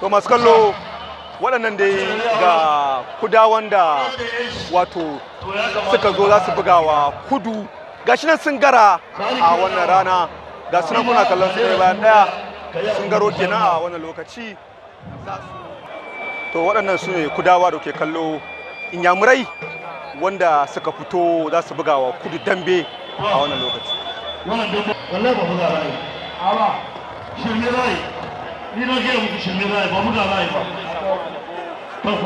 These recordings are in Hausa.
to masu kallo waɗannan dai ga kuda da wato suka zo za su bugawa kudu ga shi nan sun gara a wannan rana ga sunan kuna kallon su bayan ɗaya, sun garo kenan a wannan lokaci to waɗannan su ne kudawa da ke kallo inyamurai wanda suka fito za su bugawa kudu dambe a wannan lokaci wannan ba buga ba ne shirme ba 이렇게 움직입니다. 몸을 알아요. 더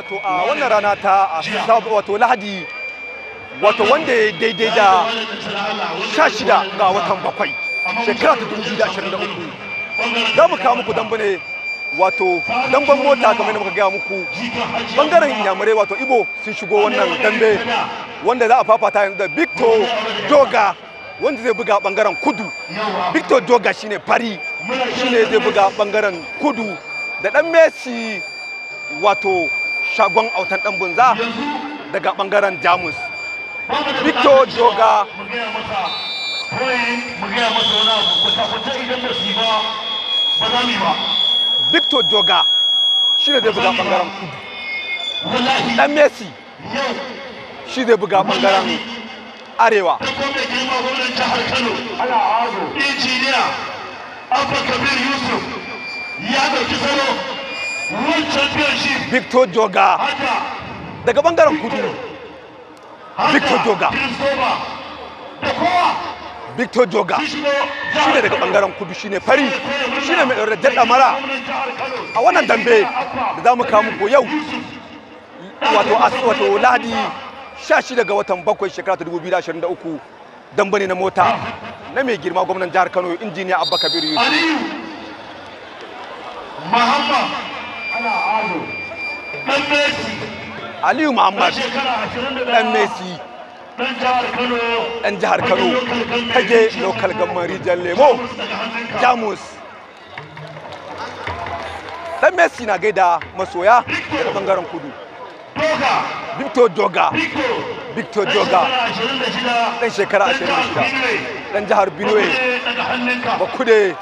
wato a wannan rana ta wato lahadi wato wanda ya daidai da sha shida ga watan bakwai shekara ta dubu da ashirin da uku za mu kawo muku dambane wato damban mota kamar da muka gaya muku bangaren inyamurai wato ibo sun shigo wannan dambe wanda za a fafata yanzu da victor doga wanda zai buga bangaren kudu victor doga shine fari shine zai buga bangaren kudu da dan messi wato shagon autan dan bunza daga bangaren jamus victor joga victor joga shi ne zai buga bangaren kudu dan messi shi zai buga bangaren arewa injiniya abubakar yusuf ya ɗauki salo victor joga daga bangaren kudu victor joga victor joga shi ne daga bangaren kudu shi ne fari shi ne mai ɗaure da mara a wannan dambe da za mu kawo muku yau wato wato sha shi daga watan bakwai shekara ta dubu biyu da da ashirin 2023 damba ne na mota na mai girma gwamnan jihar kano injiniya abba kabiru yusuf muhammad Aliyu Muhammad. ɗan Messi. ɗan jihar Kano. Kage local gamman rijiyar Lemo. Jamus. Ɗan Messi na gaida masoya daga bangaren kudu. Victor Doga. Victor Doga. ɗan shekara 26. ɗan jihar Benue. Ba kude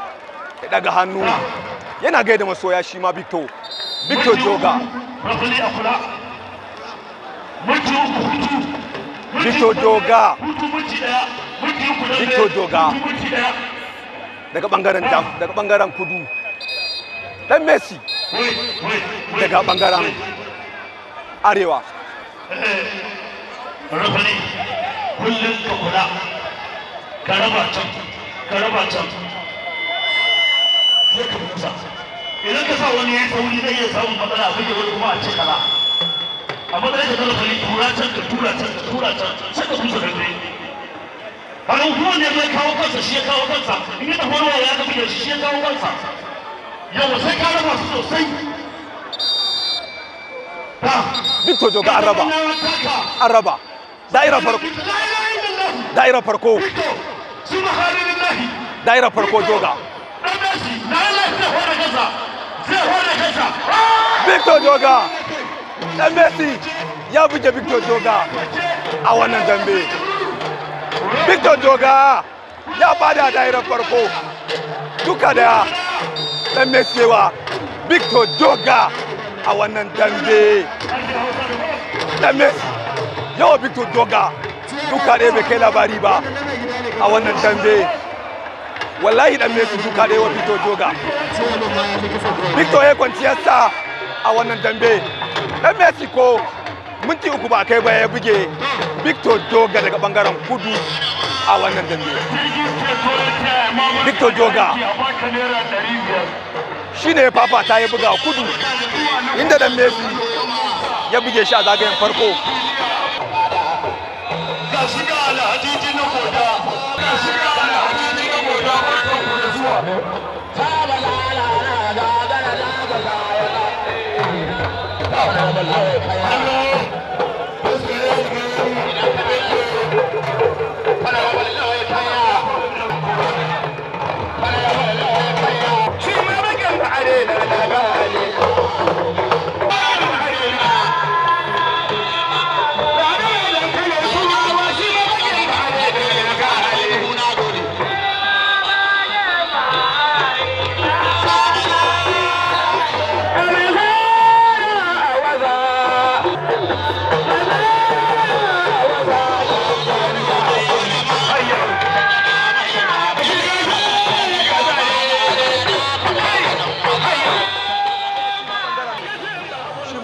daga hannu. Ah. Yana gaida masoya shi ma Victor. Victor Joga. Victor Joga. Victor Joga. Daga bangaren dam daga bangaren kudu. Dan Messi. Daga bangaren arewa. Eh, Rafali kullum ka kula. karaba raba can, ka can. Sai ka musa. idan ka sa wani ya yi sauri zai iya samun matsala a fage wani kuma a ce ba a matsayin da talafali tura can ka tura can ka tura can sai ka kusa da zai bari hukumar ne mai kawo kansa shi ya kawo kansa in ya tafi wani ya tafi da shi shi ya kawo kansa yau sai ka raba su sosai duk to joga an raba an raba daira farko daira farko daira farko joga Victor Doga dan Messi ya buge Victor joga a wannan dambe. Victor joga ya bada dairar farko duka da ya Messi wa Victor joga a wannan dambe. Dan Messi yawa Victor joga duka da bai kai labari ba a wannan dambe. Wallahi dan Messi duka da yawa Victor joga. Victor ya kwanciyarsa a wannan dambe. Dan Mexico minti uku ba kai ba ya buge Victor doga daga bangaren kudu a wannan dambe. Victor doga shi ne fafata ya buga kudu inda dan ya buge shi a zagayen farko.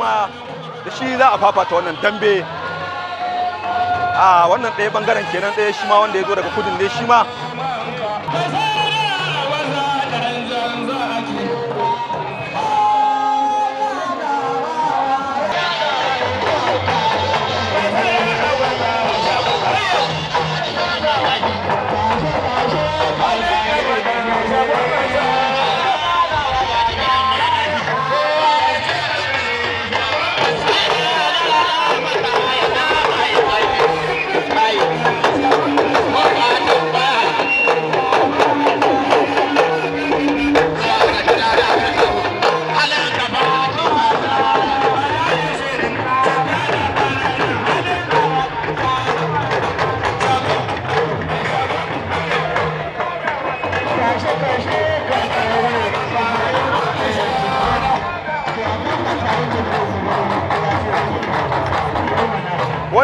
kuma da shi za a fafata wannan dambe a wannan ɗaya bangaren kenan ɗaya shi ma wanda ya zo daga kudin ne shi ma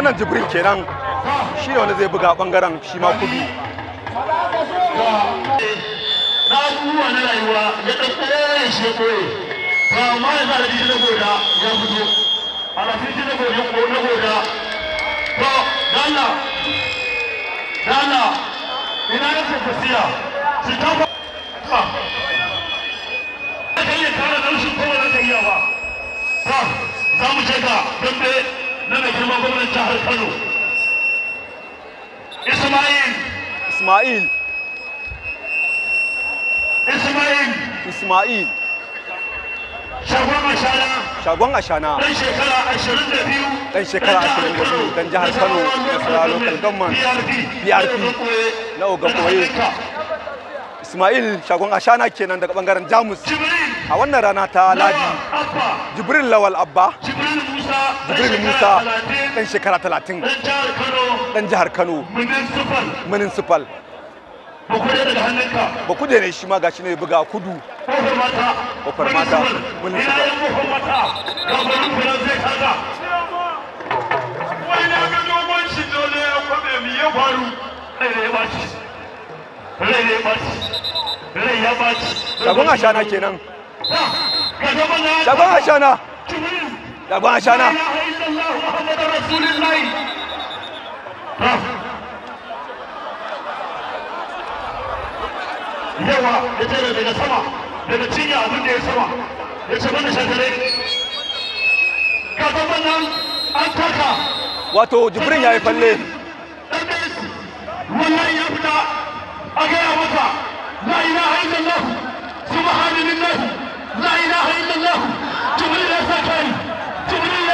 wannan jibrin kenan shi ne wani zai buga bangaren shi ma kudu na abubuwa na rayuwa ya ɗauko ya shi ya koye ba amma ya da jiji na goda ya fito ala fi jiji na goda na goda to dala dala ina ya ce fasiya su ta ba ta ta iya kara da rushin kowa na ta ba za mu je ka dambe Ismail Ismail Ismail Shagwan Ashana Shagon Ashana dan shekara 22 dan shekara 22 dan jihar Kano da Sura Local Government PRP na Ogakoye Ismail Shagon Ashana kenan daga bangaren Jamus a wannan rana ta Ladi Jibril Lawal Abba jibril musa dan shekara talatin dan jihar kano municipal ba kudu ne shi ma ga shi ne buga kudu kofar mata municipal Shagon ashana kenan. Shagon ashana. Dagon Ashana. Yawa ya daga sama, daga cinya abin da ya sama, ya ce mana wannan an taka. Wato Jibrin ya yi falle. Wannan ya fita a gaya maka la la ya sa kai.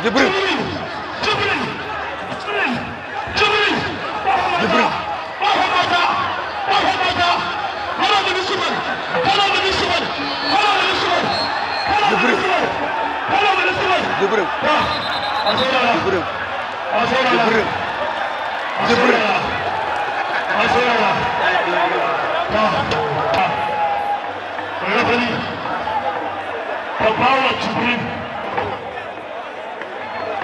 Jibril Jibril Jibril Jibril Jibril Mahamada Mahamada Hala bin Suman Hala bin Suman Hala bin Suman Jibril Hala bin Suman Jibril Jibril Jibril Jibril Jibril Rabani The power of Jibril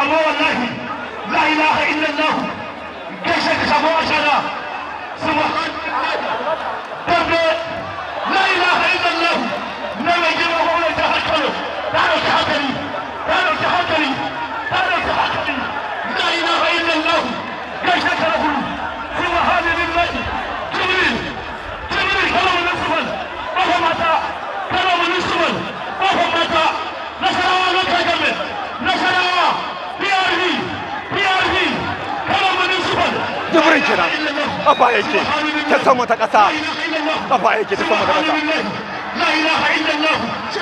amma wallahi la ilaha illallah gaishe ka samu a shana dambe la ilaha illallah na mai girma gwamnati ta hankali ta dauki hankali ta dauki hankali ta dauki hankali la ilaha illallah gaishe ka na nan kenan kafa yake ta sama ta ƙasa kafa yake ta sama ta ƙasa la ilaha illallah shi